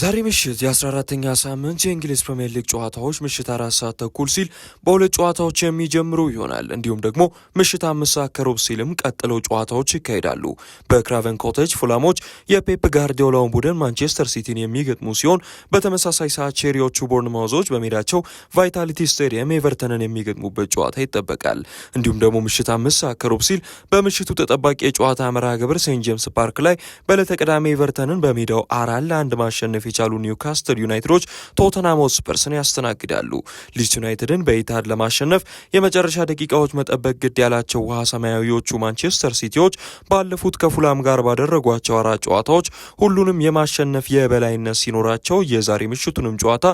ዛሬ ምሽት የ14ተኛ ሳምንት የእንግሊዝ ፕሪምየር ሊግ ጨዋታዎች ምሽት አራት ሰዓት ተኩል ሲል በሁለት ጨዋታዎች የሚጀምሩ ይሆናል። እንዲሁም ደግሞ ምሽት አምስት ሰዓት ከሩብ ሲልም ቀጥለው ጨዋታዎች ይካሄዳሉ። በክራቨን ኮቴጅ ፉላሞች የፔፕ ጋርዲዮላውን ቡድን ማንቸስተር ሲቲን የሚገጥሙ ሲሆን በተመሳሳይ ሰዓት ቼሪዎቹ ቦርንማውዞች በሜዳቸው ቫይታሊቲ ስቴዲየም ኤቨርተንን የሚገጥሙበት ጨዋታ ይጠበቃል። እንዲሁም ደግሞ ምሽት አምስት ሰዓት ከሩብ ሲል በምሽቱ ተጠባቂ የጨዋታ መርሃ ግብር ሴንት ጄምስ ፓርክ ላይ በዕለተ ቅዳሜ ኤቨርተንን በሜዳው አራት ለአንድ ማሸነፍ ማሸነፍ የቻሉ ኒውካስትል ዩናይትዶች ቶተናም ስፐርስን ያስተናግዳሉ። ሊድስ ዩናይትድን በኢታድ ለማሸነፍ የመጨረሻ ደቂቃዎች መጠበቅ ግድ ያላቸው ውሃ ሰማያዊዎቹ ማንቸስተር ሲቲዎች ባለፉት ከፉላም ጋር ባደረጓቸው አራት ጨዋታዎች ሁሉንም የማሸነፍ የበላይነት ሲኖራቸው የዛሬ ምሽቱንም ጨዋታ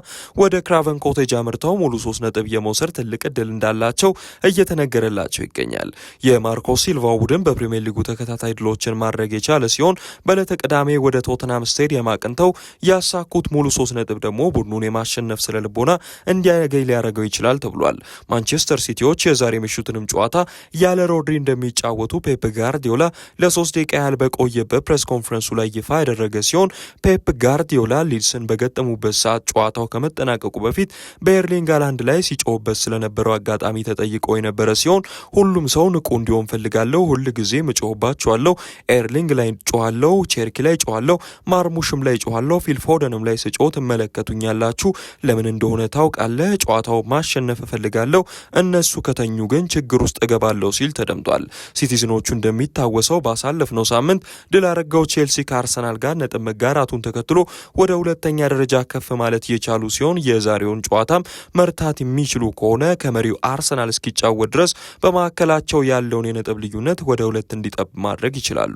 ወደ ክራቨን ኮቴጅ አምርተው ሙሉ ሶስት ነጥብ የመውሰድ ትልቅ እድል እንዳላቸው እየተነገረላቸው ይገኛል። የማርኮ ሲልቫ ቡድን በፕሪምየር ሊጉ ተከታታይ ድሎችን ማድረግ የቻለ ሲሆን በዕለተ ቅዳሜ ወደ ቶተናም ስቴዲየም አቅንተው ያ ያሳኩት ሙሉ ሶስት ነጥብ ደግሞ ቡድኑን የማሸነፍ ስለ ልቦና እንዲያገኝ ሊያደርገው ይችላል ተብሏል። ማንቸስተር ሲቲዎች የዛሬ ምሽቱንም ጨዋታ ያለ ሮድሪ እንደሚጫወቱ ፔፕ ጋርዲዮላ ለሶስት ደቂቃ ያህል በቆየበት ፕሬስ ኮንፈረንሱ ላይ ይፋ ያደረገ ሲሆን ፔፕ ጋርዲዮላ ሊድስን በገጠሙበት ሰዓት ጨዋታው ከመጠናቀቁ በፊት በኤርሊንግ ሃላንድ ላይ ሲጮህበት ስለነበረው አጋጣሚ ተጠይቆ የነበረ ሲሆን ሁሉም ሰው ንቁ እንዲሆን ፈልጋለሁ፣ ሁል ጊዜ ምጮህባቸዋለሁ፣ ኤርሊንግ ላይ ጮኋለሁ፣ ቼርኪ ላይ ጮኋለሁ፣ ማርሙሽም ላይ ጮኋለሁ ፊልፎ ፎደንም ላይ ስጮ ትመለከቱኛላችሁ። ለምን እንደሆነ ታውቃለ ጨዋታው ማሸነፍ እፈልጋለሁ፣ እነሱ ከተኙ ግን ችግር ውስጥ እገባለሁ ሲል ተደምጧል። ሲቲዝኖቹ እንደሚታወሰው ባሳለፍነው ሳምንት ድል አረጋው ቼልሲ ከአርሰናል ጋር ነጥብ መጋራቱን ተከትሎ ወደ ሁለተኛ ደረጃ ከፍ ማለት የቻሉ ሲሆን የዛሬውን ጨዋታም መርታት የሚችሉ ከሆነ ከመሪው አርሰናል እስኪጫወት ድረስ በመካከላቸው ያለውን የነጥብ ልዩነት ወደ ሁለት እንዲጠብ ማድረግ ይችላሉ።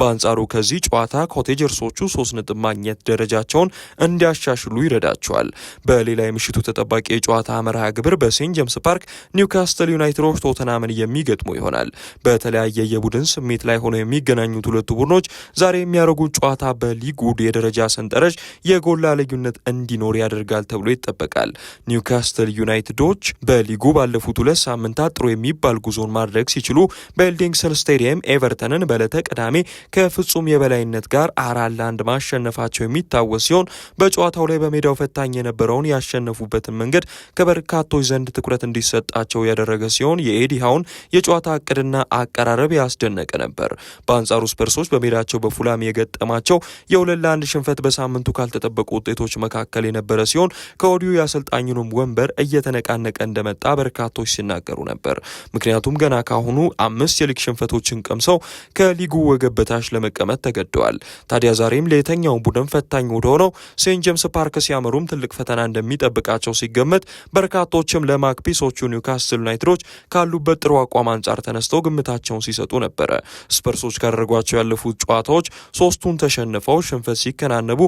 በአንጻሩ ከዚህ ጨዋታ ኮቴጀርሶቹ ሶስት ነጥብ ማግኘት ደረጃቸው አቋማቸውን እንዲያሻሽሉ ይረዳቸዋል። በሌላ የምሽቱ ተጠባቂ የጨዋታ መርሃ ግብር በሴንት ጀምስ ፓርክ ኒውካስትል ዩናይትዶች ቶተናምን የሚገጥሙ ይሆናል። በተለያየ የቡድን ስሜት ላይ ሆነው የሚገናኙት ሁለቱ ቡድኖች ዛሬ የሚያደርጉት ጨዋታ በሊጉ የደረጃ ሰንጠረዥ የጎላ ልዩነት እንዲኖር ያደርጋል ተብሎ ይጠበቃል። ኒውካስትል ዩናይትዶች በሊጉ ባለፉት ሁለት ሳምንታት ጥሩ የሚባል ጉዞን ማድረግ ሲችሉ በኤልዲንግሰን ስቴዲየም ኤቨርተንን በዕለተ ቅዳሜ ከፍጹም የበላይነት ጋር አራት ለአንድ ማሸነፋቸው የሚታወስ ሲሆን በጨዋታው ላይ በሜዳው ፈታኝ የነበረውን ያሸነፉበትን መንገድ ከበርካቶች ዘንድ ትኩረት እንዲሰጣቸው ያደረገ ሲሆን የኤዲሃውን የጨዋታ እቅድና አቀራረብ ያስደነቀ ነበር። በአንጻሩ ስፐርሶች በሜዳቸው በፉላም የገጠማቸው የሁለት ለአንድ ሽንፈት በሳምንቱ ካልተጠበቁ ውጤቶች መካከል የነበረ ሲሆን ከወዲሁ የአሰልጣኙንም ወንበር እየተነቃነቀ እንደመጣ በርካቶች ሲናገሩ ነበር። ምክንያቱም ገና ካሁኑ አምስት የሊግ ሽንፈቶችን ቀምሰው ከሊጉ ወገብ በታች ለመቀመጥ ተገደዋል። ታዲያ ዛሬም ለየትኛው ቡድን ፈታኝ ወደ ሆነው ሴንት ጄምስ ፓርክ ሲያመሩም ትልቅ ፈተና እንደሚጠብቃቸው ሲገመት፣ በርካቶችም ለማክፒሶቹ ኒውካስትል ዩናይትዶች ካሉበት ጥሩ አቋም አንጻር ተነስተው ግምታቸውን ሲሰጡ ነበረ። ስፐርሶች ካደረጓቸው ያለፉት ጨዋታዎች ሶስቱን ተሸንፈው ሽንፈት ሲከናነቡ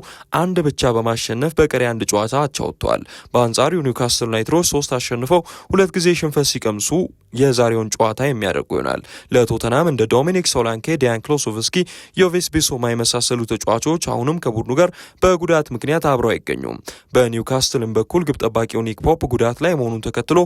አንድ ብቻ በማሸነፍ በቀሪ አንድ ጨዋታ አቻውተዋል። በአንጻሩ ኒውካስትል ዩናይትዶች ሶስት አሸንፈው ሁለት ጊዜ ሽንፈት ሲቀምሱ የዛሬውን ጨዋታ የሚያደርጉ ይሆናል። ለቶተናም እንደ ዶሚኒክ ሶላንኬ፣ ዲያን ክሎሶቭስኪ፣ ዮቬስ ቢሶማ የመሳሰሉ ተጫዋቾች አሁንም ከቡድኑ ጋር በ በጉዳት ምክንያት አብረው አይገኙም። በኒውካስትልም በኩል ግብ ጠባቂው ኒክ ፖፕ ጉዳት ላይ መሆኑን ተከትሎ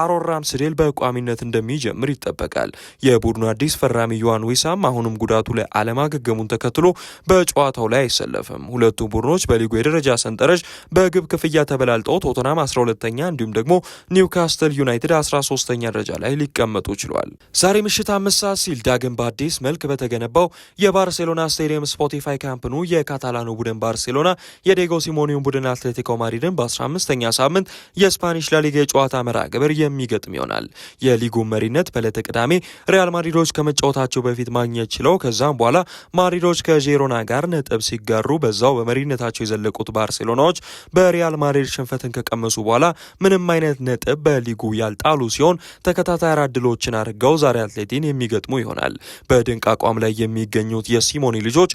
አሮን ራምስዴል በቋሚነት እንደሚጀምር ይጠበቃል። የቡድኑ አዲስ ፈራሚ ዮሐን ዊሳም አሁንም ጉዳቱ ላይ አለማገገሙን ተከትሎ በጨዋታው ላይ አይሰለፍም። ሁለቱም ቡድኖች በሊጉ የደረጃ ሰንጠረዥ በግብ ክፍያ ተበላልጠው ቶተናም 12ተኛ እንዲሁም ደግሞ ኒውካስትል ዩናይትድ 13ተኛ ደረጃ ላይ ሊቀመጡ ችሏል። ዛሬ ምሽት አምስት ሰዓት ሲል ዳግም በአዲስ መልክ በተገነባው የባርሴሎና ስቴዲየም ስፖቲፋይ ካምፕኑ የካታላኑ ቡድን ባርሴሎና ባርሴሎና የዴጎ ሲሞኒውን ቡድን አትሌቲኮ ማድሪድን በ15ኛ ሳምንት የስፓኒሽ ላሊጋ የጨዋታ መርሃ ግብር የሚገጥም ይሆናል። የሊጉ መሪነት በዕለተ ቅዳሜ ሪያል ማድሪዶች ከመጫወታቸው በፊት ማግኘት ችለው ከዛም በኋላ ማድሪዶች ከጄሮና ጋር ነጥብ ሲጋሩ በዛው በመሪነታቸው የዘለቁት ባርሴሎናዎች በሪያል ማድሪድ ሽንፈትን ከቀመሱ በኋላ ምንም አይነት ነጥብ በሊጉ ያልጣሉ ሲሆን ተከታታይ አራት ድሎችን አድርገው ዛሬ አትሌቲን የሚገጥሙ ይሆናል። በድንቅ አቋም ላይ የሚገኙት የሲሞኒ ልጆች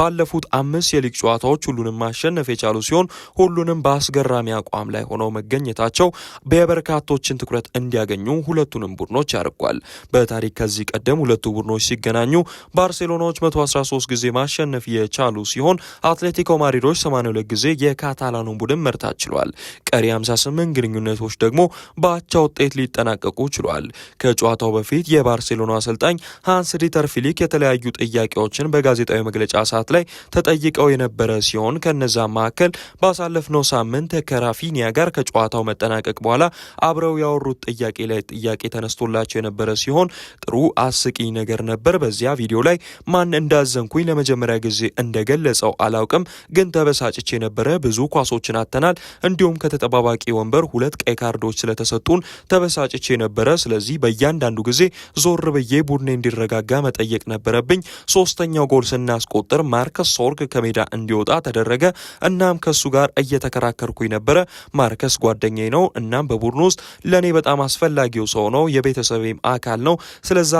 ባለፉት አምስት የሊግ ጨዋታዎች ሁሉንም ማሸነፍ የቻሉ ሲሆን ሁሉንም በአስገራሚ አቋም ላይ ሆነው መገኘታቸው በበርካቶችን ትኩረት እንዲያገኙ ሁለቱንም ቡድኖች ያደርጓል። በታሪክ ከዚህ ቀደም ሁለቱ ቡድኖች ሲገናኙ ባርሴሎናዎች 113 ጊዜ ማሸነፍ የቻሉ ሲሆን አትሌቲኮ ማድሪዶች 82 ጊዜ የካታላኑን ቡድን መርታት ችሏል። ቀሪ 58 ግንኙነቶች ደግሞ በአቻ ውጤት ሊጠናቀቁ ችሏል። ከጨዋታው በፊት የባርሴሎና አሰልጣኝ ሃንስ ዲተር ፊሊክ የተለያዩ ጥያቄዎችን በጋዜጣዊ መግለጫ ሰዓት ላይ ተጠይቀው የነበረ ሲሆን ሲሆን ከነዛ መካከል ባሳለፍነው ሳምንት ከራፊኒያ ጋር ከጨዋታው መጠናቀቅ በኋላ አብረው ያወሩት ጥያቄ ላይ ጥያቄ ተነስቶላቸው የነበረ ሲሆን ጥሩ አስቂኝ ነገር ነበር። በዚያ ቪዲዮ ላይ ማን እንዳዘንኩኝ ለመጀመሪያ ጊዜ እንደገለጸው አላውቅም፣ ግን ተበሳጭቼ የነበረ ብዙ ኳሶችን አተናል። እንዲሁም ከተጠባባቂ ወንበር ሁለት ቀይ ካርዶች ስለተሰጡን ተበሳጭቼ ነበረ። ስለዚህ በእያንዳንዱ ጊዜ ዞር ብዬ ቡድኔ እንዲረጋጋ መጠየቅ ነበረብኝ። ሶስተኛው ጎል ስናስቆጥር ማርከስ ሶርግ ከሜዳ እንዲወጣ ተደረገ። እናም ከሱ ጋር እየተከራከርኩኝ ነበረ። ማርከስ ጓደኛዬ ነው። እናም በቡድን ውስጥ ለእኔ በጣም አስፈላጊው ሰው ነው፣ የቤተሰቤም አካል ነው። ስለዛ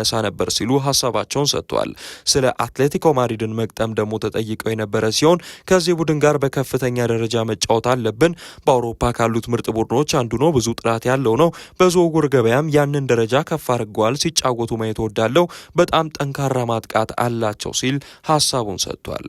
ነሳ ነበር ሲሉ ሀሳባቸውን ሰጥተዋል። ስለ አትሌቲኮ ማድሪድን መቅጠም ደግሞ ተጠይቀው የነበረ ሲሆን ከዚህ ቡድን ጋር በከፍተኛ ደረጃ መጫወት አለብን። በአውሮፓ ካሉት ምርጥ ቡድኖች አንዱ ነው። ብዙ ጥራት ያለው ነው። በዝውውር ገበያም ያንን ደረጃ ከፍ አድርገዋል። ሲጫወቱ ማየት ወዳለው በጣም ጠንካራ ማጥቃት አላቸው ሲል ሀሳቡን ሰጥቷል።